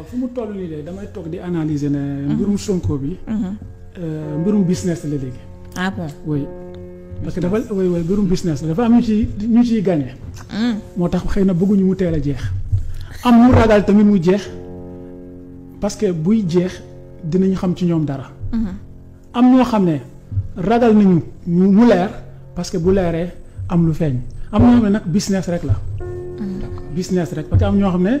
waaw fu mu toll nii de damay toog di analyser ne. mbirum Sonko bi. Euh, mbirum business la léegi. ah bon oui. que dafa oui oui mbirum business la dafa am ñu ciy ñu ciy gagné. Hmm. moo tax xëy na bëgguñu mu teel a jeex. am mu ragal tamit mu jeex parce que buy jeex dinañu xam ci ñoom dara. Hmm. am ñoo xam ne ragal nañu mu leer parce que bu leeree am lu feeñ am ñoo xam ne nag business rek la. Hmm, business rek parce am ñoo xam ne.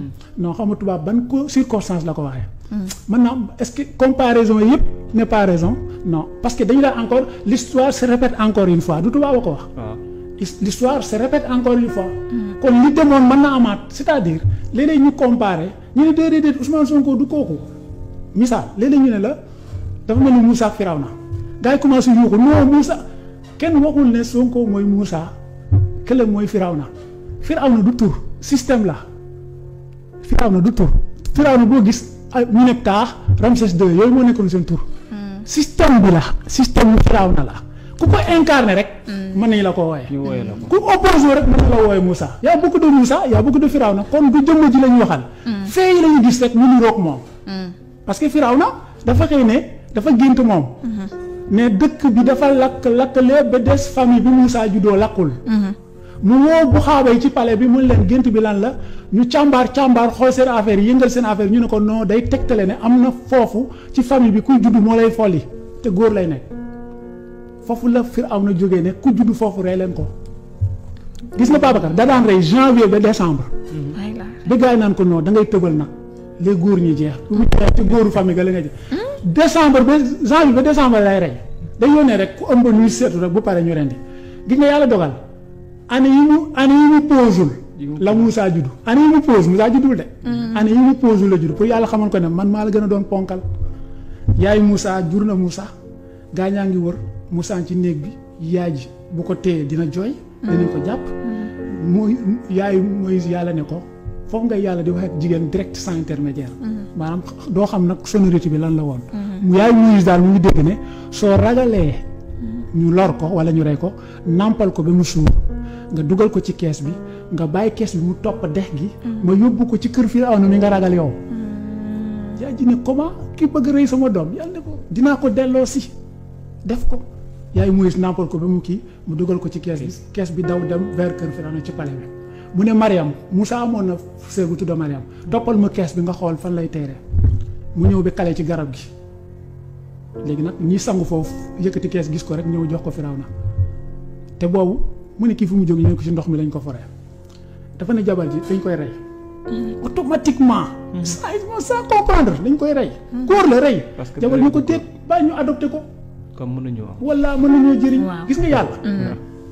Mm. non comme tuba ban ko circonstance la ko mm. maintenant est-ce que comparaison yep n'est pas raison non parce que dañu la encore l'histoire se répète encore une fois du tuba wako wax. Ah. l'histoire se répète encore une fois. Mm. kon li demoon mën na c'est-à-dire léeg ñu comparer ñu ne déedéet Ousmane Sonko du koku misal léeg ñu né la dafa mel Moussa Firawna gars yi commencé yuuxu non Moussa kenn waxul né Sonko moy Moussa kële moy Firawna Firawna du tout système là Firawna du tur na boo gis ah, ñu ne taax Ramsès II yooyu moo nekkoon seen tur. Hmm. système bi la système Firawna la ku ko incarné rek. Hmm. mën nañ la ko wooye. ñu wooye la ko ku opposé rek mën nañu la wooye Moussa y' a beaucoup de Moussa y' a beaucoup de Firawna kon du jëmm ji la ñu waxal. Hmm. fee yi la ñu gis rek ñu niroog moom. parce que na dafa xëy ne dafa gént moom. ne dëkk bi dafa lakk lakkale ba des famille bi Moussa juddoo lakkul. mu woo bu xaaba yi ci pale bi mu leen gént bi lan la ñu càmbaar càmbaar xool seen affaire yëngal seen affaire ñu ne ko noo day tegtale ne am na foofu ci famille bi kuy judd moo lay folli te góor lay nekk foofu la na jógee ne ku foofu rey leen ko gis nga Babacar da daan rey janvier ba décembre. ba naan ko non da ngay tëbal nag góor ñi jeex. bu ci góoru famille ga la nga jeex. décembre ba janvier ba décembre lay rey day yónnee rek ku ëmb nuy seetu rek pare ñu rendi gis nga yàlla dogal. année yi mu année yi mu posul la Moussa juddu année yi mu pose de mm. année yi mu posul la judd pour yàlla xamal ko ne man maa la gën a doon ponkal yaay Moussa jur na Moussa gaa ñaa ngi wër Moussa ci néeg bi yaay ji bu ko téye dina jooy mm. dinañ ko jàpp mm. mooy yaay Moïse yàlla ne ko foofu nga yàlla di wax ak jigéen direct sans intermédiaire maanaam doo xam nag sonorité bi lan la woon yaay Moïse daal mu ngi dégg ne soo ragalee ñu lor ko wala ñu rey ko nàmpal ko ba mu suur nga dugal ko ci kees bi nga bàyyi kees bi mu topp dex gi. Mm. ma yóbbu ko ci kër na ni nga ragal yow. Mm. yaa ji ne comment ki bëgg rëy sama doom yàlla ne ko dinaa ko delloo si def ko. yaay Moïse nampal ko ba mu kii mu dugal ko ci kees bi kees bi daw dem vers kër Firawna ci palais bi mu ne Mariam Moussa amoon na sœur bu tudd Mariam toppal ma kees bi nga xool fan lay teeree mu ñëw bi kale ci garab gi léegi nag ñi sangu foofu yëkkati kees gis ko rek ñëw jox ko Firawna te boobu. mu ne kii fu mu jóg ñu ne ko ci ndox mi lañ ko foree dafa ne jabar ji dañ koy rey mm-hmm. automatiquement mm-hmm. ça sans comprendre dañ koy rey mm-hmm. góor la rey jabar ñu ko téeg bàyyi ñu adopté ko comme mën nañoo wala mën nañoo jëriñ gis nga yàlla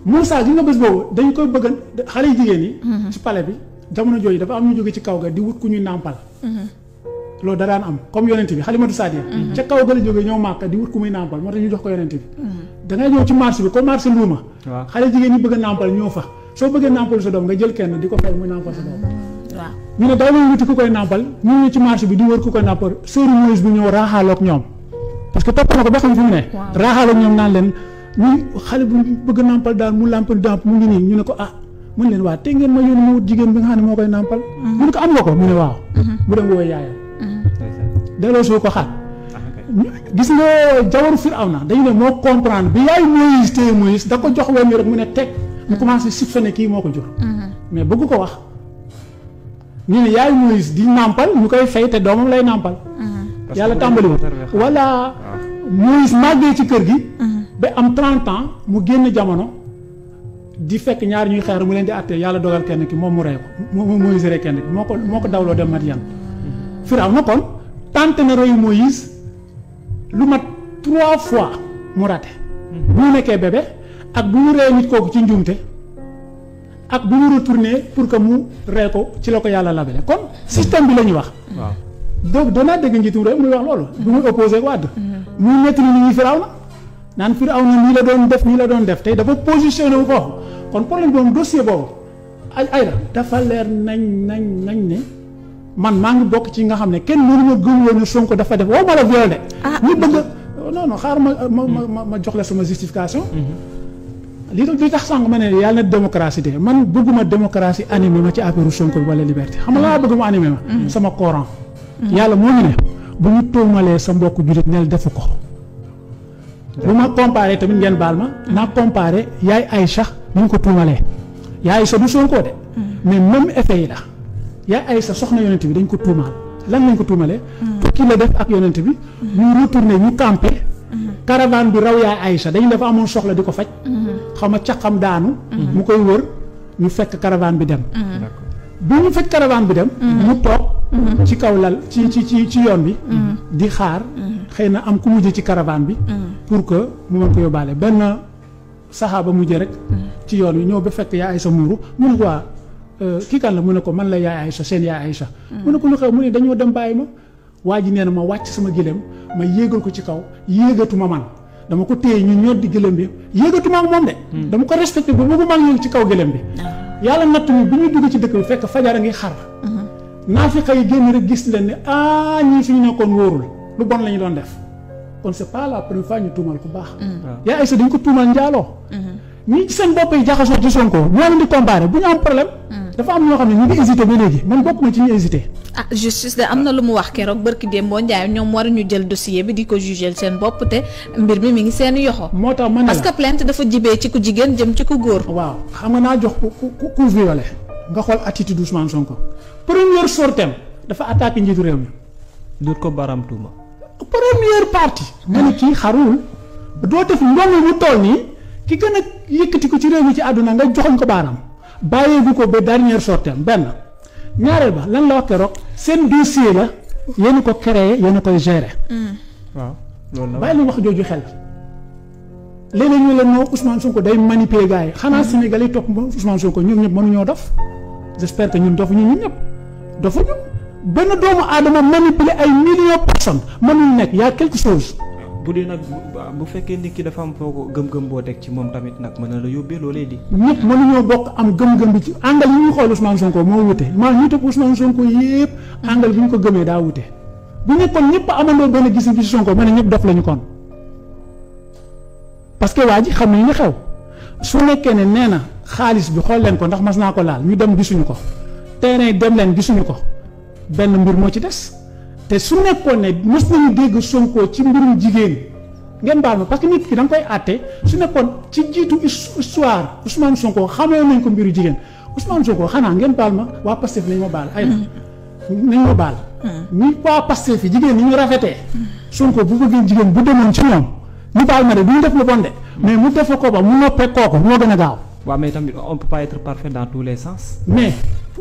Moussa gi nga bés boobu dañ koy bëgg xale yu jigéen yi ci palais bi jamono jooju dafa am ñu jóge ci kaw ga di wut ku ñuy nàmpal lo dara am comme yonent bi halimatu saadiya mhm. ci kaw gëna joge jógee ñëw di wut ku muy nampal mo tax ñu jox ko yonent bi mhm. da ngay ñëw ci marché bi ko marché luma xale jigéen ñi bëgg nampal nàmpal fa so bëgg nampal sa dom nga jël kenn diko fay muy nampal sa dom ñu ne daw wuti ku koy nampal ñu ñu ci marché bi di wër ku koy nampal sëru Moïse bu ñëw raxalok ñom parce que top na ko ba xam fu ne raxalok ñom naan leen ñu xale bu bëgg nampal daal mu làmpal damp mu ngi ni ñu ne ko ah mu ne leen wa te ngeen ma yoon mu wut jigéen bi nga xam ne mo koy nampal mhm. mu ne ko am nga ko mu ne waaw mu dem wo yaayam delloo soo ko xaat gis nga jawaru Firawna dañu ne moo comprendre bi yaay Moïse téye Moïse da ko jox wenn rek mu ne teg commencé soupçonné kii moo ko jur mhm. mais bëgg ko wax ñu ne yaay Moïse di nàmpal ñu koy fay te doomam lay nàmpal mhm. yàlla tàmbali woon voilà ah. Moïse màggee ci kër gi mhm. ba am 30 ans mu génn jamono di fekk ñaar ñuy xaar mu leen di àttee yàlla dogal kenn ki moom mu rey ko moom Moïse rey kenn ki moo ko moo ko dawloo dem Madian Firawna kon tenté na reyu Moïse lu mat trois fois mu raté. Mhm. bu ñu nekkee bébé ak bu mu ree nit kooku ci njuumte ak bu ñu retourné pour que mu ree ko ci la ko yàlla labale kon système bi la ñuy wax. waaw donc danaa dégg njiitum réew muy wax loolu. bu muy opposé Wade. Mhm. muy nettali ni ñuy firaaw na naan firaaw na nii la doon def nii la doon def tey dafa positionné wu ko kon problème boobu dossier boobu ay ay la dafa leer nañ nañ nañ ne. man maa ngi bokk ci nga xam ne kenn mënu ma gëm woon ne Sonko dafa def waaw ma la violé. Ah. ñu bëgg non xaar ma ma ma ma jox la sama justification. Mm-hmm. li li tax sànq ma ne yàlla na démocratie de man bëgguma démocratie animé ma ci affaire Sonko wala liberté xam nga laa bëgg mu mm-hmm. sama coran. Mm-hmm. yàlla moo ñu ne bu ñu sa mbokk jullit nel defu ko. bu ma comparé tamit ngeen baal ma. naa comparé yaay Aïcha ñu ngi ko tuumalee. yaay Aïcha du Sonko de. mais même effet yi la. yaa ay sa soxna yonent bi dañ ko tuumaal lan lañ ko tuumalee. tukki hmm. la def ak yonent bi. ñu hmm. retourné ñu campé. Hmm. caravane bi raw yaa Aïcha dañu dafa amoon soxla di ko faj. xaw ma xam daanu. mu koy wër ñu fekk caravane bi dem. bi ñu fekk caravane bi dem. mu toog ci kaw lal ci ci ci ci yoon bi. di xaar xëy na am ku mujj ci caravane bi. pour que mu mën ko yóbbaale benn saxaaba mujj rek. ci yoon wi ñëw ba fekk yaa Aïcha muuru mun quoi. Eh, ki kan la mu ne ko man la yaay Aïcha seen yaay Aïcha mu ne ko lu xew mu ne dañoo dem bàyyi ma waa nee na ma wàcc sama gilem ma yéegal ko ci kaw yéegatuma man dama ko téye ñu ñoddi gilem bi yéegatuma ak moom de hmm. dama ko respecté ba bëgguma ak ñëw ci kaw gilem bi ah. yàlla natt mi bi ñu dugg ci dëkk bi fekk fajar a ngi xar hmm. naafiqa yi génn rek gis leen ne ah ñii fi ñu nekkoon wóorul lu bon lañu doon def kon c'est pas la première fois ñu tuumal ku baax hmm. ah. yaa Aïcha dañ ko tuumal njaaloo ñii ci seen bopp yi jaxasoo ci Sonko ñoo leen di comparé bu ñu am problème dafa am ñoo xam ne ñu ngi hésité ba léegi man bokk na ci ñu hésité. ah justice de am na lu mu wax keroog barki Demba Ndiaye ñoom war ñu jël dossier bi di ko jugeel seen bopp te mbir mi mi ngi seen yoxo moo tax man parce que plainte dafa jibee ci ku jigéen jëm ci ku góor. waaw xam nga naa jox ku ku ku violé nga xool attitude Ousmane Sonko première sortem dafa attaqué njiitu réew mi. dut ko baram tuuma. première partie. nga ne kii xarul. doo def ndongo mu toll nii ki gën a yëkkati ko ci réew mi ci àdduna nga joxoñ ko baaraam. bàyyeegu ko ba dernière sortie benn ñaareel ba lan la wax keroog seen dossier la yéen a ko créé yéen a koy gérer. waaw loolu la bàyyi lu wax jooju xel. léeg-léeg ñu la noo Ousmane Sonko day manipuler gars yi xanaa Sénégal yi topp Ousmane Sonko ñoom ñëpp mënuñoo dof j'espère que ñun dofuñu ñun ñëpp dofuñu benn doomu aadama manipuler ay millions personnes mënul nekk y a quelque chose. bu di nag bu fekkee nit ki dafa am foo gëm-gëm boo teg ci moom tamit nag mën na la yóbbee loolee di. ñëpp mënuñoo bokk am gëm-gëm bi ci angle yi ñu xool Ousmane Sonko moo wute maa ñu tëb Ousmane Sonko yëpp angle bi ñu ko gëmee daa wute bu nekkoon ñëpp amandoo benn gis ci Sonko ma ne ñëpp dof lañu kon parce que waa ji xam nañu ne xew su nekkee ne nee na xaalis bi xool leen ko ndax mas naa ko laal ñu dem gisuñu ko terrain dem leen gisuñu ko benn mbir moo ci des. te su nekkoon ne mës nañu dégg Sonko ci mbirum jigéen ngeen baal ma parce que nit ki da nga koy àtte su nekkoon ci jiitu histoire Ousmane Sonko xamee nañ ko mbiru jigéen Ousmane Sonko xanaa ngeen baal ma waa Pastef nañ ma baal. ay nañ ma baal. ñi waa Pastef yi jigéen ñi ñu rafetee. Sonko bu bëggee jigéen bu demoon ci ñoom ñu ma de du def lu bon de. mais mu defee ko ba mu noppee kooku moo gën a gaaw. waaw mais tamit on peut pas être les sens. mais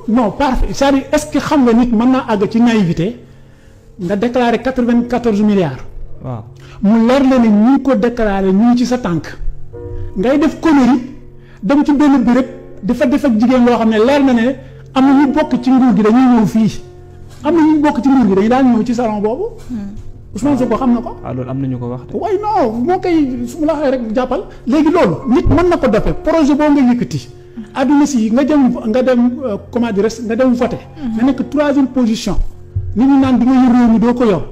non parfait cest est-ce que xam nga nit mën naa àgg ci naïveté. nga déclaré 94 milliards. waaw mu leer la déclaré ñu ci sa tànk. ngay def connerie dem ci benn di fa def ak jigéen loo xam ne na ne am na ñu bokk ci nguur gi dañuy ñëw fii am na ñu bokk ci nguur gi dañu ñëw ci salon boobu. Hmm. Ousmane xam ko. ah loolu am na ñu ko wax de. non moo koy su ma la a rek jàppal léegi loolu nit mën na ko projet boo nga yëkkati. adduna si nga dem nga dem euh, comment nga dem hmm. troisième position. li ñu naan di nga yor réew doo ko yor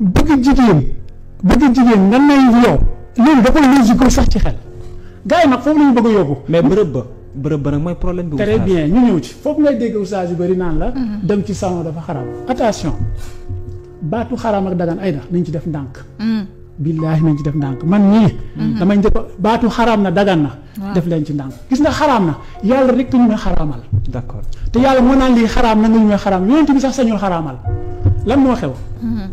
bëgg jigéen bëgg jigéen nga nay yow loolu dafa logique sax ci xel gars yi nag foofu la ñu bëgg a mais bërëb ba bërëb ba nag mooy problème bi. très bien ñu ñëw ci foofu ngay dégg oustaz yu bari naan la. Mhm. dem ci salon dafa xaram attention baatu xaram ak dagan ay na nañ ci def ndànk. Mhm. billahi nañ ci def ndànk man ni mhm. damay njëkk baatu haram na dagan na def leen ci ndànk gis nga haram na yalla rek ñu may haramal d'accord te yalla mo naan li haram na ñu may haram yonent bi sax sañu haramal lan mo xew mhm.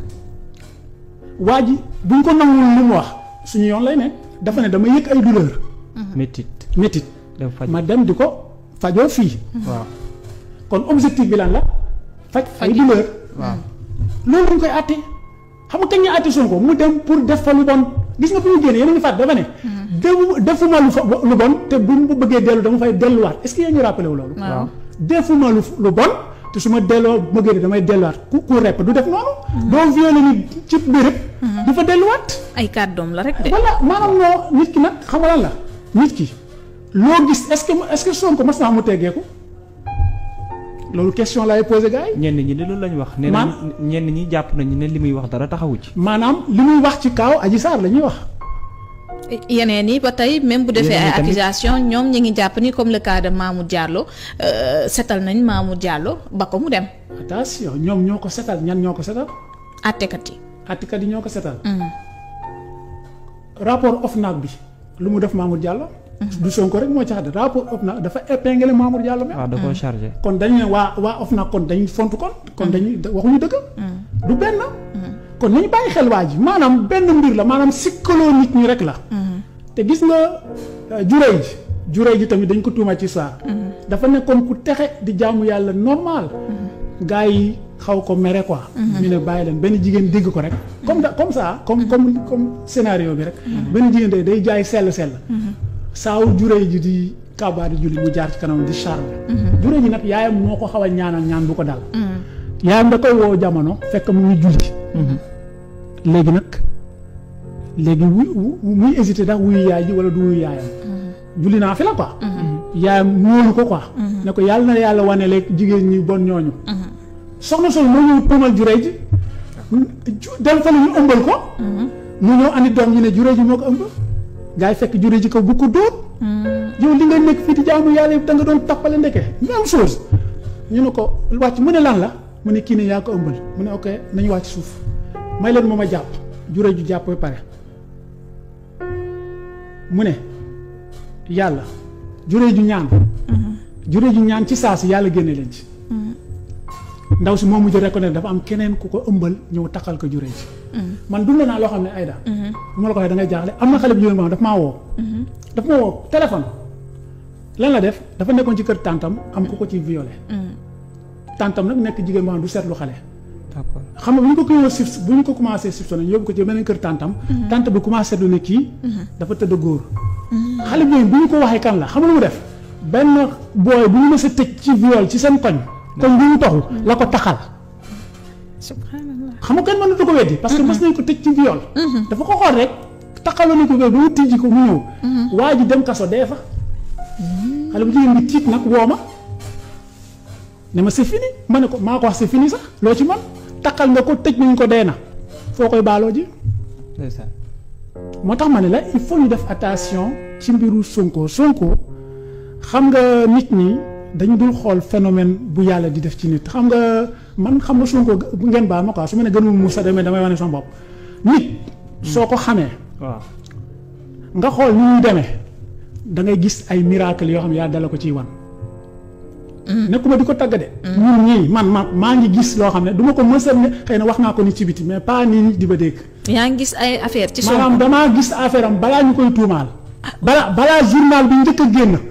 waji buñ ko nangul lu mu wax suñu yoon lay ne dafa ne dama yek ay douleur mhm. métit métit ma dem diko fajo fi waaw kon objectif bi lan la faj ay douleur waaw lolu dañ koy atté xam nga kañ la àtte ko mu dem pour def fa lu bon gis nga fi mu génne yéen a ngi fàtt dafa ne. Hmm. defuma lu fa lu bon te bu ko bëggee dellu dama fay delluwaat est-ce que yaa ñu rappelé wu loolu. waaw defuma lu lu bon. te su ma delloo bëggee damay delluwaat ku ku rep du def noonu. Hmm. doo violé ni ci béréb. Hmm. du fa delluwaat. ay kàddoom la rek de. voilà maanaam noo nit ki nag xam nga lan la nit ki loo gis est-ce que est-ce que Sonko mas naa mu teggeeku. loolu question laay posé gars yi. ñenn ñi de loolu la ñu wax. nee ñenn ñi jàpp nañu ne li muy wax dara taxawu ci. maanaam li muy wax ci kaaw Adji Sarr la ñuy wax. yeneen yi ba tey même bu defee ay ñoom ñi ngi jàpp ni comme le cas euh, setal nañ Mamour Diallo ba ko mu dem. attention ñoom ñoo ko setal ñan ñoo ko setal. àttekat yi. àttekat yi ñoo ko setal. Mm. rapport OFNAC bi lu mu def Mamour Diallo. du Sonko rek moo ci xaddi rapport OFNAC dafa épinglé Mamour Diallo même. waaw ah, da koo chargé. Mm. kon dañ ne waa waa OFNAC kon dañ font kon. kon mm. dañuy waxuñu dëgg. Mm. du benn. kon nañu bàyyi xel waa ji maanaam benn mbir la maanaam sikkaloo nit ñi rek la. te gis nga euh, juree ji. juree ji tamit dañ ko tuuma ci saa. dafa nekkoon ku texe di jaamu yàlla normal. gaa yi xaw ko mere quoi. ñu ne bàyyi leen benn jigéen dégg ko rek. comme da comme ça comme comme comme scénario bi rek. benn jigéen day jaay sell sell. saawu juree ji di kabaari julli mu jaar ci kanam di charme mhm. juree ji nag yaayam moo ko xaw a ñaanal ñaan bu ko dal mhm. yaayam da koy woo jamono fekk mu ngi julli mhm. léegi nag léegi wu muy hésité ndax wuyu yaay ji wala du wuyu yaayam julli naa fi la quoi yaayam ñóolu ko ko yàlla na yàlla wane leeg jigéen ñi bon ñooñu soxna sol moo ñëw tuumal juree ji dem fa la ëmbal ko mu ñëw andi doom ñi ne juree ji moo ko ëmbal gaa yi fekk jure ji ko bu ko dóor. Hmm. yow li nga nekk fii di jaamu yàlla da nga doon tappale ndeke même chose ñu ne ko wàcc mu ne lan la mu ne kii ne yaa ko ëmbal mu ne ok nañu wàcc suuf may leen moom a jàpp jure ju jàpp ba pare mu ne yàlla jure ju ñaan. Hmm. jure ju ñaan ci saa si yàlla génne leen ci. ndaw si moom mu ko reconnaître dafa am keneen ku ko ëmbal ñëw takkal ko juree ci. man dund naa loo xam ne Aïda. bu ma la ko waxee da ngay jaaxle am na xale bu jigéen boo xam daf maa woo. daf ma woo téléphone. lan la def dafa nekkoon ci kër tàntam am ku ko ci violé. tàntam nag nekk jigéen boo xam du seetlu xale. d'accord xam nga bu ñu ko koy sif bu ñu ko commencé sif nañ yóbbu ko ci beneen kër tàntam. tànt bi commencé du ne kii. dafa tëdd góor. xale bi bu ñu ko waxee kan la xam nga lu mu def benn booy bu ñu mës a tëj ci viol ci seen koñ kon bu ñu toxu la ko taxal. subhanallah xam nga kenn mënatu ko weddi. parce que mës nañ ko tëj ci viol. Mhm. dafa ko xool rek taxaloon nañ ko ba mu tijji ko mu ñëw. Mhm. waa ji dem kaso dee fa. xale bu jigéen tiit nag woo ma ne ma c'est fini ma ne ko maa ko wax c'est fini sax loo ci man taxal nga ko tëj nañ ko dee na foo koy baaloo ji. moo tax ma ne la il faut ñu def attention ci mbiru Sonko Sonko xam nga nit ñi. dañu dul xool phénomène bu yàlla di def ci nit xam nga man xam nga Sonko ngeen baal ma quoi su ma nee gënul sa demee damay wane sa bopp nit. Hmm. soo ko xamee. waaw nga xool ni muy demee da ngay gis ay miracle yoo xam ne yàlla dala ko ci wan. Hmm. nekkuma di ko tagg de. Hmm. ñun ñii man ma maa ngi gis loo xam ne du ko mësal ne xëy na wax naa ko ni ci biti mais pas nii di ba dégg. yaa ngi gis ay affaire ci Sonko maanaam damaa gis affaire am balaa ñu koy tuumaal. balaa balaa journal bi njëkk a génn.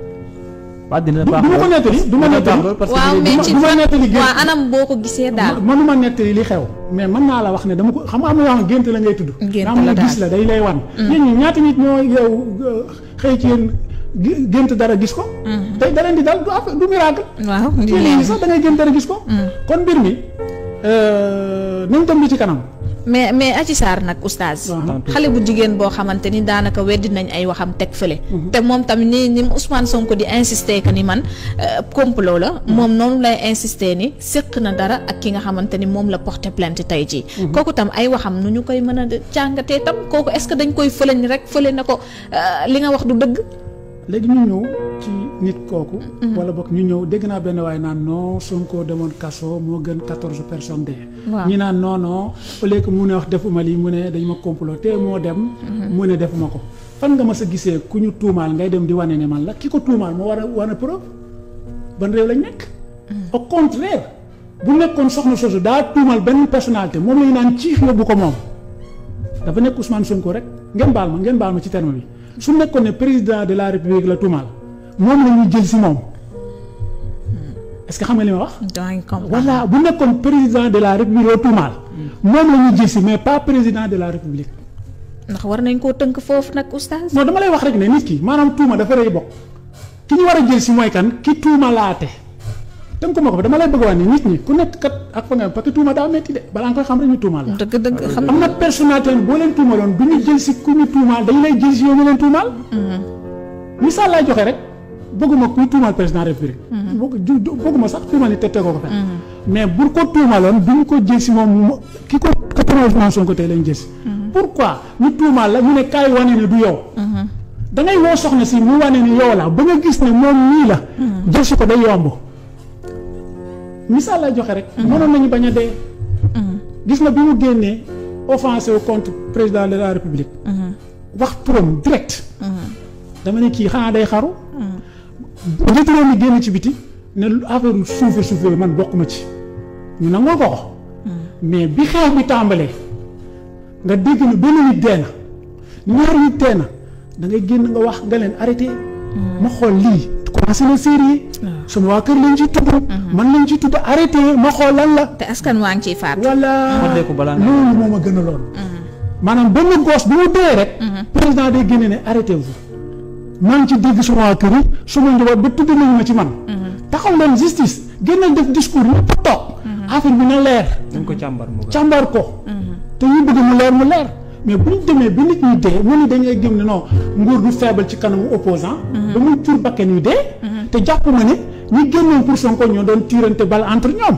waaw dina baax du ma nettali du ma nettali parce que du ma nettali gént waaw anam boo ko gisee daal mënuma nettali li xew mais man naa la wax ne dama ko xam nga am na yoo xam gént la ngay tudd daa am la gis la day lay wan yéen mm. ñi ñaata nit ñoo yow xëy ci yéen gént dara gis ko mm. tey da leen di dal du affaire du miracle waaw lii sax da ngay dara gis ko mm. kon mbir mi euh, nañ tam bi ci kanam mais mais Adji Sarr nag oustaz. xale bu jigéen boo xamante ni daanaka weddi nañ ay waxam teg fële. Mhm. te moom tamit ni ni Ousmane Sonko di insister que ni man euh, complot la mhm. moom noonu lay insister ni séq na dara ak ki nga xamante ni moom la porter plainte tey ci mhm. kooku tam ay waxam nu ñu koy mën a jàngatee tam kooku est-ce que dañ koy fëleñ rek fële na ko euh, li nga wax du dëgg. léegi nit kooku. Mm-hmm. wala bokk ñu ñëw dégg naa benn waaye naan noo non Sonko demoon kaso moo gën quatorze personnes dee. ñi naan non non au mu ne wax defuma lii mu ne dañ ma comploté moo dem. Mm-hmm. mu ne defuma ko fan nga ma sa gisee ku ñu tuumaal ngay dem di wanee ne man la ki ko tuumaal moo war a wane preuve ban réew lañ nekk. Mm-hmm. au contraire bu nekkoon soxna soosu daa tuumaal benn personnalité moom la ñu naan ciix nga bu ko moom dafa nekk Ousmane ko rek ngeen baal ma ngeen baal ma ci terme su nekkoon ne président la république la moom la ñuy jël si moom est-ce que xam nga li ma wax. voilà bu nekkoon président de la république loolu mal. Hmm. moom la ñuy jël si mais pas président de la république. ndax war nañ koo tënk foofu nag oustaz. non dama lay wax rek ne nit ki maanaam tuuma dafa rëy bokk ki ñu war a jël si mooy kan ki tuuma laate tënk ma ko dama lay bëgg a wax nit ñi ku nekk kat ak fa nga parce que tuuma daa metti de balaa nga koy xam rek ñu tuumaal la. dëgg dëgg ah, xam am na personnalité boo leen tuumaloon du ñu jël si ku ñu tuumaal dañ lay jël si yow ñu leen tuumaal. Hmm. misaal laay joxe rek bëgguma kuy tuumal président république mhm. bëgguma sax tuumal ni tegoo ko fen mhm. mais bu ko tuumaloon duñ ko jël si moom ki ko ka torool Ousmane Sonko lañ jël mhm. pourquoi ñu tuumaal la ñu ne kaay wane ni du yow da ngay woo soxna si mu wane ni yow la ba nga gis ne moom nii la jël si ko day yomb misaal lay joxe rek mënoon nañu bañ a dee gis na bi mu génnee offensé contre président de la république wax turam direct dama ne kii xanaa day xaru njiitu réew mi génn ci affaire suufe suufe yooyu man bokk ma ci ñu nangoo ko mais bi xeex bi tàmbalee nga dégg ni benn nit dee na ñaar nit dee na da ngay génn nga wax nga leen arrêté mm. xool lii commencé na série ah. sama waa kër lañ ciy tudd mm-hmm. man lañ ciy tudd arrêté ma xool lan la te askan waa ngi ciy faatu wala loolu moo ma gën a lool mm-hmm. maanaam benn goos bu mu dee rek mm-hmm. président day génne ne arrêté vous maa ngi ci dégg suma waa kër yi suma njaboot ba tudd nañ ma ci man. Mhm. taxaw leen justice gën nañ def discours ñëpp toog. Mhm. affaire bi na leer. dañ ko càmbar mu càmbar ko. Mhm. te ñu bëgg mu leer mu leer mais bu ñu demee ba nit ñi dee mu ni dañuy gëm ne non nguur du faible ci kanamu opposant ba muy jur bakkan yu dee. te jàpp ma ne ñi génnoon pour Sonko ñoo doon tiirante bal entre ñoom.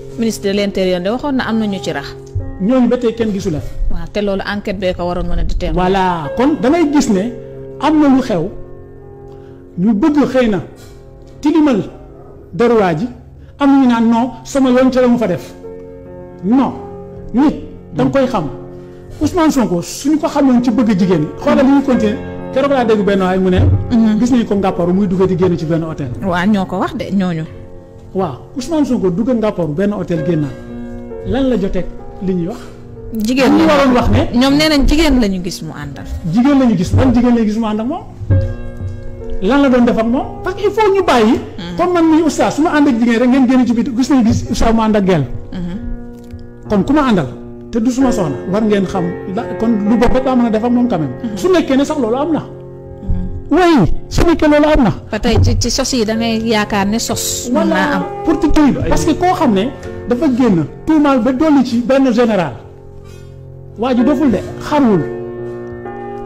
ministre de l'intérieur de waxoon na am na ñu ci rax. ñooñu ba tey kenn gisu la. waaw te loolu enquête bee ko waroon a déterminer. voilà kon da ngay gis ne am na lu xew ñu bëgg xëy na tilimal daruwaa na ñu naan non sama mu fa def da koy xam Ousmane Sonko suñu ci bëgg jigéen ñi xoolal li ñu continuer. keroog laa dégg benn waay mu ne. Mhm. ci ñoo ko wax de ñooñu. waaw Ousmane ko dugg nga port benn hôtel génnaat lan la joteeg li ñuy wax. jigéen ñi waroon wax ne. ñoom nee nañ jigéen la ñu gis mu àndal. jigéen la ñu gis ban jigéen la gis mu àndal moom lan la doon defal ak moom parce que il faut ñu bàyyi. Hmm. comme man mii oustaz su ma ànd ak jigéen rek ngeen génne ci biti gis nañu gis oustaz mu ànd ak gel hmm. kon ku ma àndal te du suma soxna war ngeen xam kon lu bopp rek laa mën a def ak moom quand hmm. su nekkee ne sax loolu am na. oui su nekkee loolu am na. ba tey ci ci sos yi kan, eh, da ngay yaakaar ne sos. mën naa am pour te dire parce que koo xam ne dafa génn tuumaal ba dolli ci benn général waa ji deful de xamul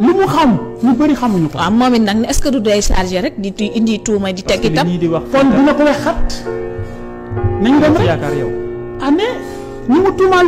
li mu xam ñu bëri xamuñu ko. waaw moom it est ce que du day chargé rek di indi tuuma di teg itam kon dina ko wex xat nañ dem rek que yow. Ya, ah ne ñi mu tuumaal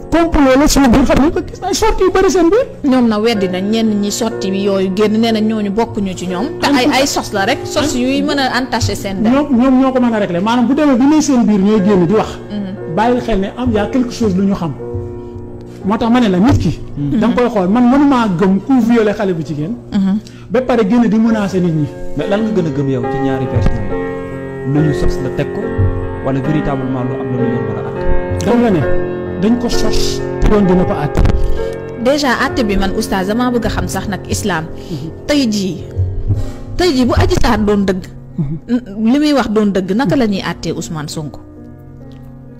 complot la suñu biir xam ko gis naa sorti yu bëri seen biir ñoom na weddi na ñenn ñi sorti yooyu génn nee na ñooñu bokkuñu ci ñoom te ay ay sos la rek sos yuy mën a entaché seen der ñoom ñoom ñoo ko mën a réglé maanaam bu demee bi ne seen biir ñooy génn di wax mhm. bàyyil xel ne am yaa quelque chose lu ñu xam moo tax la nit ki mhm. da koy xool man mënumaa gëm ku violé xale bu jigéen mhm. ba pare génn di menacé nit ñi mais lan nga gën gëm yow ci ñaari version yi lu ñu sos la teg ko wala véritablement lu am lu yoon war a àtt xam nga dañ ko sos pour yoon dina ko àtte déjà àtte bi man oustaz dama bëgg a xam sax nag islaam mhm. tey jii tey jii bu Adji doon dëgg mhm. li muy wax doon dëgg naka la ñuy àttee Ousmane Sonko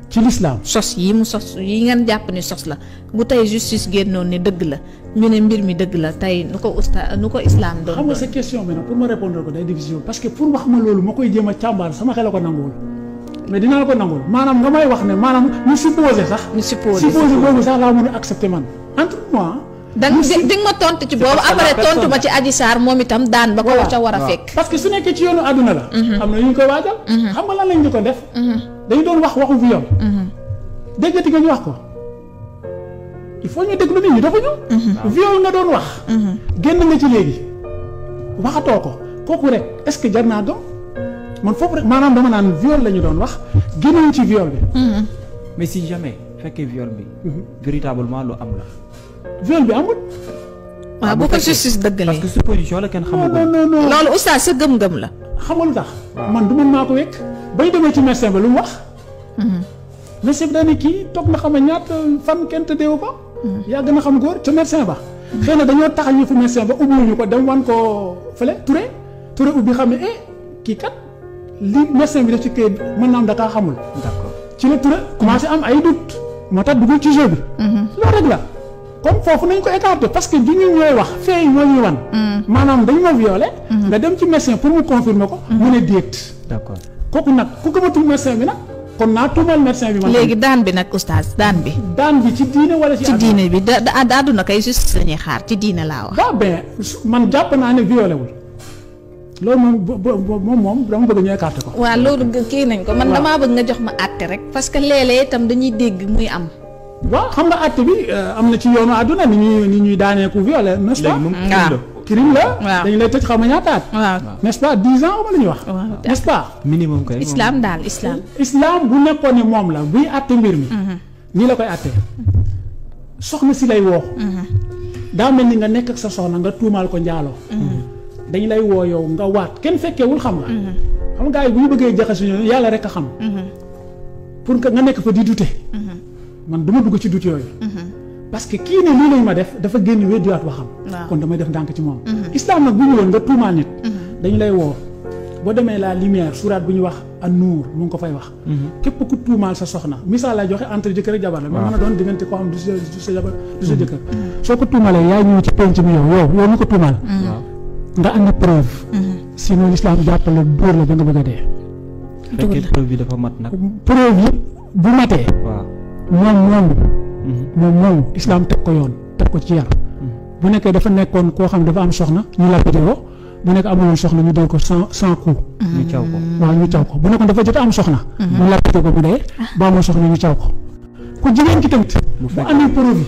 ci lislaam sos yi mu sos yi ngeen jàpp ni sos la bu tey justice génnoon ne dëgg la ñu ne mbir mi dëgg la tey nu ko usta nu ko islam doon xam sa question bi pour ma répondre ko day difficile parce pour wax ma loolu ma koy jéem a càmbar sama xel a ko nanguwul mais dinaa ko nangul maanaam nga may wax ne maanaam ñu supposé sax. ñu supposé supposé boobu sax laa mën a accepté man entre moi. da nga ma tontu ci boobu après tontu ma ci Adji Sarr moom itam daan ba ko ca war a fekk. parce su nekkee ci yoonu àdduna la. Mhm. am na ñu koy waajal. Mhm. xam nga lan lañ ñu ko def. Mhm. dañu doon wax waxu viol. déggati nga ñu wax ko. il faut ñu déglu nit ñi dafa ñu. viol nga doon wax. génn nga ci léegi. waxatoo ko kooku rek est-ce que jar naa doom man foofu rek manam dama nan viol lañu doon wax hmm. génnuñ ci viol bi. Hmm. mais si jamais fekkee viol bi. Hmm. véritablement lu am la. viol bi amul. wa ah, bu ko justice dëggalee parce que supposition la kenn xamul. non non oustad sa gëm-gëm la. xamul tax man duma mako maa bay demee ci médecin ba lu wax. médecin bi daanaka kii toog na xam ñaat ñaata fan kenn tëddeewu ko. yaa gën xam góor ci médecin ba. xëy dañu dañoo ñu fu médecin ba ubbiwuñu ko dem wan ko fële Touré Touré ubbi xam ne eh ki kat. li médecin bi def ci kayit mën naa am da kaa xamul. d'accord ci la Touré commencé am ay doute moo tax dugul ci jeu bi. Mhm. loolu rek la comme foofu nañ ko écarté parce que du ñu ñooy wax fee ñoo ñuy wan. Mhm. maanaam dañu ma violé. Mhm. nga dem ci médecin pour mu confirmer ko. mu ne déet. d'accord kooku nag ku gëmatul médecin bi nag. kon naa tuumal médecin bi. ma léegi daan bi nag oustaz daan bi. daan bi ci diine wala ci. diine bi da da àdduna kay juste lañuy xaar ci diine laa wax. man jàpp naa ne violé wul. loolu moom moom moom dama bëgg ñu écarté ko. waaw loolu kii nañ ko man damaa bëgg nga jox ma àtte rek. parce que léeg-léeg itam dañuy dégg muy am. waa xam nga àtte bi euh, am na ci yoonu adduna ni ñuy daanee ku violé n'est-ce pas. Ah. crime la waaw dañu lay tëj xaw ma ñaataat. waaw n'est-ce pas ñu wax. n'est-ce pas. minimum kay daal islam. islam bu nekkoon ne moom la buy àtte mbir mi. Mm-hmm. nii la koy àtte soxna si lay woo. Mm-hmm. daa mel ni nga nekk ak sa soxna nga tuumaal ko njaaloo mm-hmm. dañu lay woo yow nga waat kenn fekkeewul mhm. xam nga. xam nga yi bu ñu bëggee jaxase ñoom yàlla rek a xam. Mhm. pour que nga nekk fa di dute. Mhm. man du ma dugg ci dut yooyu. parce que kii ne lii lañ ma def dafa génn weddiwaat waxam. kon damay def ndànk ci moom. islam nag bu ñëwoon nga tuumaal nit. dañu lay woo boo demee laa lumière suraat bu ñu wax an nuur mu ngi ko fay wax. képp ku tuumaal sa soxna misaal lay joxe entre jëkkër ak jabar la. waaw mën a doon diggante koo xam du sa du sa jabar du sa jëkkër. nga andi preuve. Mhm. sinon l'islam jàppale dóor la ba nga bëgg a dee. fekkee preuve dafa mat nag. preuve bu matee. waaw moom moomu. moom mhm. moomu teg ko yoon teg ko ci yar. Mhm. bu nekkee dafa nekkoon koo xam ne dafa am soxna ñu lapidé ko bu nekk amuloon soxna ñu dóor ko sans sans coup. ñu caw ko waaw ñu caw ko bu nekkoon dafa jot am soxna. ñu lapidé ko bu dee. Ah. ba amoo soxna ñu caw ko. ku jigéen ci tamit. bu andi preuve yi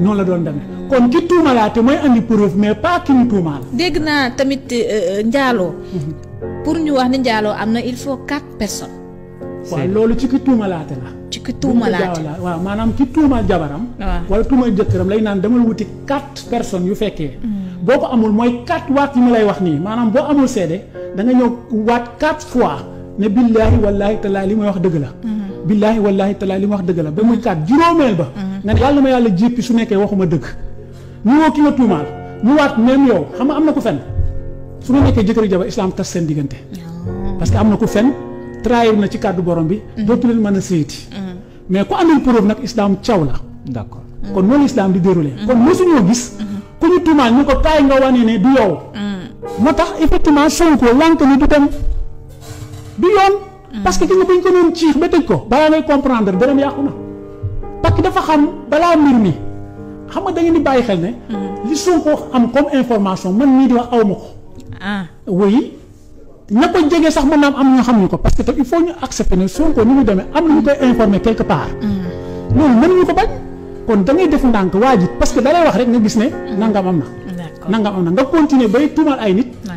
noonu la doon demee kon ki tuumalaate mooy andi preuve mais pas ki ñu tuumaal. dégg naa tamit euh, euh, njaaloo mhm. pour ñu wax ni njaaloo am na il faut quatre personnes. waaw loolu ci ki tuumalaate la. ci ki tuumalaate waaw maanaam ki tuumal jabaram. wala tuumal jëkkëram lay naan demal wuti quatre personnes yu fekkee. Mm. boo ko amul mooy quatre waat yi ma lay wax nii maanaam boo amul seede danga nga ñëw waat quatre fois. ne billahi wallahi ta'ala li may wax deug la. billahi wallahi ta'ala li may wax deug la ba muy kat juromel ba. ne yàlla ma yàlla jepi su nekké waxuma deug ñu wo ki nga mal ñu wat même yow xam amna ko na fen su ma nekké jëkkër jaba islam tass sen diggante. parce que amna ko ku fen trahir na ci kàddu borom bi. dootu leen mën a seeti. mais ko andil preuve nak islam ciaw la. d'accord kon non islam di déroulé. kon ñu gis. ku ñu tuumaal ñu ko kaay nga wane ne du yow. motax effectivement Sonko lànk ni du dem. du yoon parce que ki nga buñ ko doon ciix ba tëj ko balaa ngay comprendre dërëm yàqu na parce que dafa xam balaa mbir mi xam nga da ngeen di bàyyi xel ne mm-hmm. li sonko am comme information man mii di wax aw ma ko ah. oui ña ko jege sax mën naa am xam ñu ko parce que il faut ñu accepter ne sonko ni mu demee am ñu koy informer quelque part mm-hmm. loolu mënuñu ko bañ kon da ngay def ndànk waa ji parce que da lay wax rek nga gis ne mm-hmm. nangam am na nangam am na nga continuer bay tuumal ay nit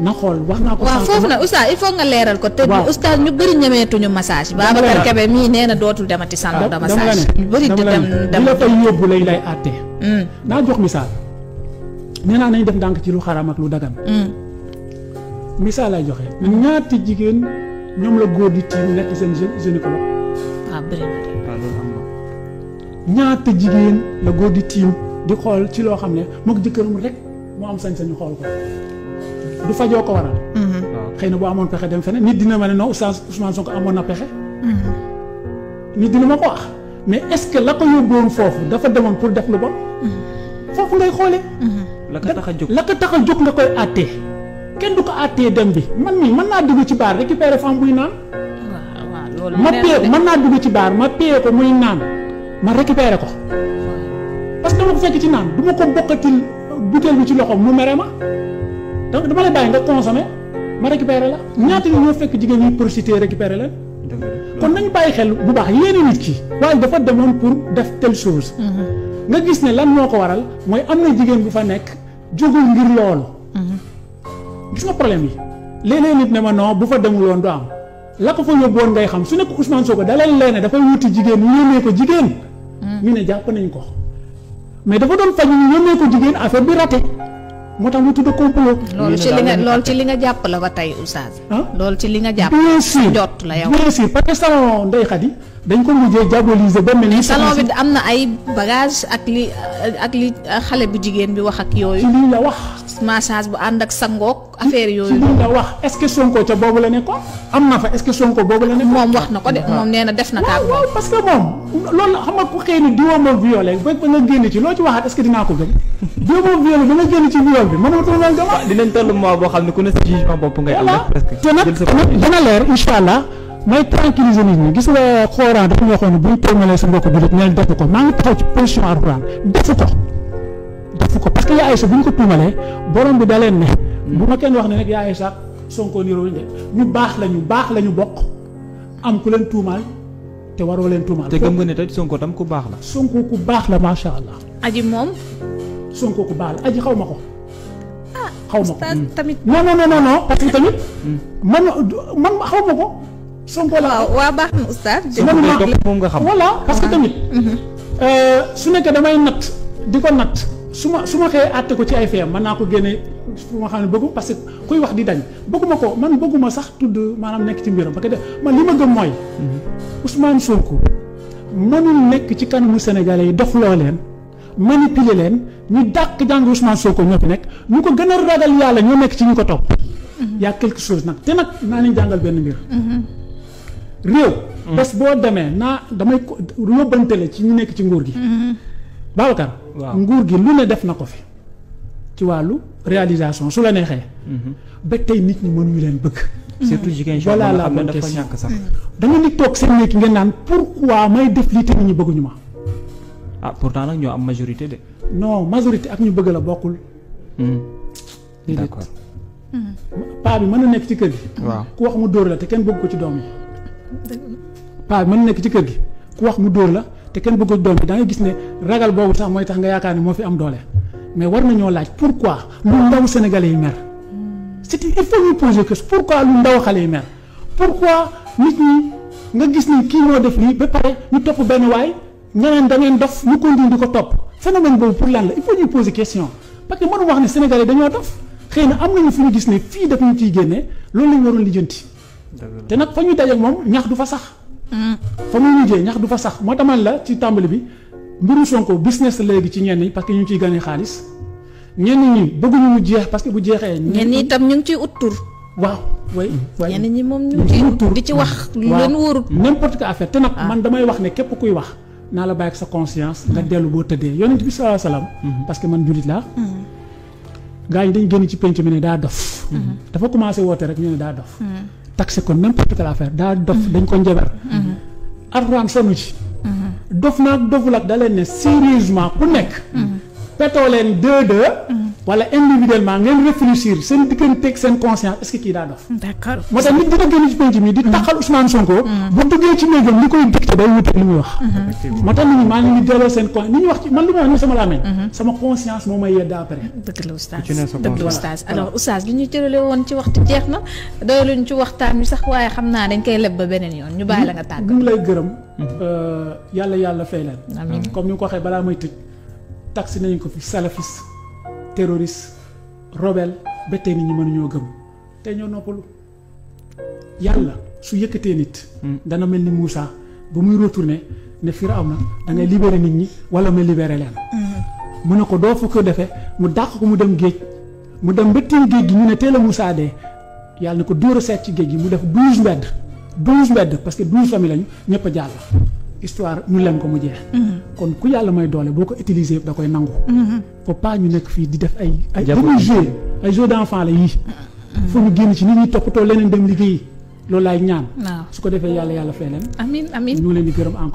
na wax na ko. wa fofu na oustaz il faut nga leral ko. te oustaz ñu bëri ñu massage. kar Kebe mi neena na dootul demati sandu ah, da massage. ñu bari di dem dem la tay yóbbu lay lay hmm na jox misal neena nañ def dank ci lu kharam ak lu dagan. Hmm. misal lay joxe ñaati jigen ñom la goor di tiim nek sen gynécologue. waaw ah, bëri na de. Ah, na la goor di tiim di xol ci lo xamne ne moog rek mo am sañ-sañu xol ko. du fajoo ko waral. Mm-hmm. xëy na boo amoon pexe dem feneen nit dina ma ne non oustaz Ousmane Sonko amoon na pexe. Mm-hmm. nit dina ma ko wax mais est-ce que la ko yóbboon foofu dafa demoon pour def lu bon. Mm-hmm. foofu ngay xoolee. la ko tax a jóg la ko tax nga koy àttee. kenn du ko àttee dem bi man mii mën naa dugg ci baar récupérer femme buy naan. waaw ma payé mën naa dugg ci baar ma payé ko muy naan ma récupérer ko. parce que dama ko fekk ci naan du ma ko bokkatil butéel bi ci loxo mu mere ma. donc dama lay bàyyi nga consommé ma récupéré la ñaata ñoo fekk jigéen ñi prostitué récupéré leen kon nañu bàyyi xel bu baax yéene nit ki waaye dafa demoon pour def telle chose nga gis ne lan moo ko waral mooy am na jigéen bu fa nekk jógul ngir lool. gis nga problème yi léeg nit ne ma non bu fa demuloon du am la ko fa yóbboon ngay xam su nekk Ousmane Sogo dalal leen ne dafay wuti jigéen mhm. yónnee ko jigéen ñu ne jàpp nañ ko mais dafa doon faj ñu yónnee ko jigéen affaire bi raté moo tax mu tudd complot. loolu ci li nga loolu ci li nga jàpp la ba tey oustaz. ah loolu ci li nga jàpp. bien sûr jot la yow. bien sûr parce que salon Ndeye Khady dañ ko mujjee diaboliser ba mel ni. salon bi am na ay bagage ak li ak li xale bu jigéen bi wax ak yooyu. ci lii la wax. massage bu ànd ak sangook affaire yooyu. nga wax est ce que Sonko ca boobu la nekkoon am na fa est Sonko boobu la nekkoon. moom wax na ko de ah. moom nee na def na. waaw waaw parce que ma loo ci waxaat est ce que dinaa ko boo xam ne ku ne sa jugement bopp ngay am. presque te nag dina leer incha may tranquilliser nit ñi gis nga Coran dafa ñu waxoon ne buñ toogalee sa mbokku jullit neel def ko maa ngi taxaw ci position Alxuraan def ko ko parce que yaa Aïcha bu ñu ko tuumalee borom bi da leen ne. bu ma kenn wax ne nag yaa Aïcha Sonko niroowuñ de ñu baax la ñu baax la ñu bokk am ku leen tuumaal te waroo leen tuumaal. te gëm nga ne tey Sonko tam ku baax la. Sonko ku baax la macha allah. aji moom. Sonko ku baax la aji xaw ma ko. Ah, xaw ma ko hmm. tamit. non non parce que tamit. Hmm. man man xaw ko. Sonko la waaw waaw baax na oustaz. man nga xam voilà parce que ah. tamit. Mhm. Euh, su nekkee damay natt di ko natt. su ma su ma xëyee àtte ko ci ay feem man naa ko génne fu ma xam ne bëggu parce que kuy wax di dañ bëgguma ko man bëgguma sax tudd maanaam nekk ci mbiram parce que man li ma gëm mooy Ousmane Sonko mënul nekk ci kanamu Sénégalais yi dox loo leen manipuler leen ñu dàq jàng Ousmane Sonko ñoo fi nekk ñu ko gën a ragal yàlla ñoo nekk ci ñu ko topp y'a quelque chose nag te nag naa leen jàngal benn mbir réew bés boo demee naa damay yóbbante la ci ñu nekk ci ngóor gi mm-hmm. nguur gi lu ne def na ko fi ci wàllu réalisation su la neexee. Mhm. ba tey nit ñi mënuñu leen bëgg. surtout jigéen xam ne dafa ñàkk sax. Mhm. da nga ni toog seen néeg ngeen naan pourquoi may def lii te nit ñi bëgguñu ma. ah pourtant nag ñoo am majorité de. non majorité ak ñu bëgg la bokkul. Mhm. d'accord paa bi mën na nekk ci kër gi. waaw ku wax dóor la te kenn bëgg ci doom yi. paa bi mën na nekk ci kër gi ku wax mu dóor la te kenn bëggul doom bi da ngay gis ne ragal boobu sax mooy tax nga yaakaar ne moo fi am doole mais war nañoo laaj pourquoi lu ndaw sénégalais yi mer c'est il faut ñu poser que pourquoi lu ndaw xale yi mer pourquoi nit ñi nga gis ni kii moo def lii ba pare ñu topp benn waay ñeneen da ngeen dof ñu continue di ko topp phénomène boobu pour lan la il faut ñu poser question parce que mënu wax ne sénégalais dañoo dof xëy na am nañu fu ñu gis ne fii daf ñu ciy génnee loolu lañ waroon lijjanti te nag fa ñu daje moom ñax du fa sax fa muy mujjee ñax du fa sax moo tamal la ci tàmbali bi mbiru sonko business léegi ci ñenn parce que ñu ci gagné xaalis ñenn ñi bëgguñu mu jeex parce que bu jeexee ñenn ñi tam ñu ngi ciy ut tur waaw way way ñenn ñi moom ñu ci di ci wax lu leen wóorut n'importe quoi affaire te nag ah. man damay wax ne képp kuy wax naa la bàyyi sa conscience nga mm. dellu boo tëddee yonent bi salaa salaam mm-hmm. parce que man julit laa mm. gaañ dañ génn ci penc mi ne daa dof mm-hmm. dafa commencé woote rek ñu ne daa dof mm. taxé ko n'importe quelle affaire daa dof mhm. dañ ko njabar mhm. alxuraan sonu ci mhm. dof naag doful ak da leen ne sérieusement ku nekk petoo leen deux mm-hmm. individuellement ngeen réfléchir seen digganteeg seen conscience est-ce que kii daa dof. moo tax nit dina génn ci penc mi di taxal Ousmane Sonko. Mm-hmm. bu duggee ci néegam li koy mm-hmm. con li ñuy wax ci man li ma wax nii sama làmmiñ. sama conscience moo may yedd après. dëgg la oustaz dëgg la oustaz alors oustaz li ñu jëlale woon ci waxtu jeex na doyaluñ ci waxtaan wi sax waaye xam naa dañ koy leb ba beneen yoon ñu bàyyi la nga tàgg. ñu lay gërëm. Euh, yàlla yàlla fay taxi nañ ko fi salafis terroriste rebelle ba tey nit ñi mënuñoo gëm tey ñoo noppalu yàlla su yëkkatee nit. Hmm. dana mel ni Moussa ba muy retourné ne Firawna da ngay libere nit ñi wala ma libere leen. Hmm. mu ne ko doo fa ko defee mu dàq ko mu dem géej mu dem ba tiim géej gi ñu ne teel a Moussa dee yàlla ne ko dóor seet ci géej gi mu def douze mbedd douze mbedd parce que douze famille lañu ñëpp a jàll. histoire ñu lem ko mu jeex. Mhm. kon ku yàlla may doole boo ko utiliser da koy nangu. Mhm. faut pas ñu nekk fii di def ay. ay dañuy jouer ay jeux d'enfant la yii. Mhm. foo ñu génn ci nit ñi toppatoo leneen dem liggéeyi loolu laay ñaan. su ko defee yàlla yàlla fay leen. amiin amiin ñu leen di gërëm encore.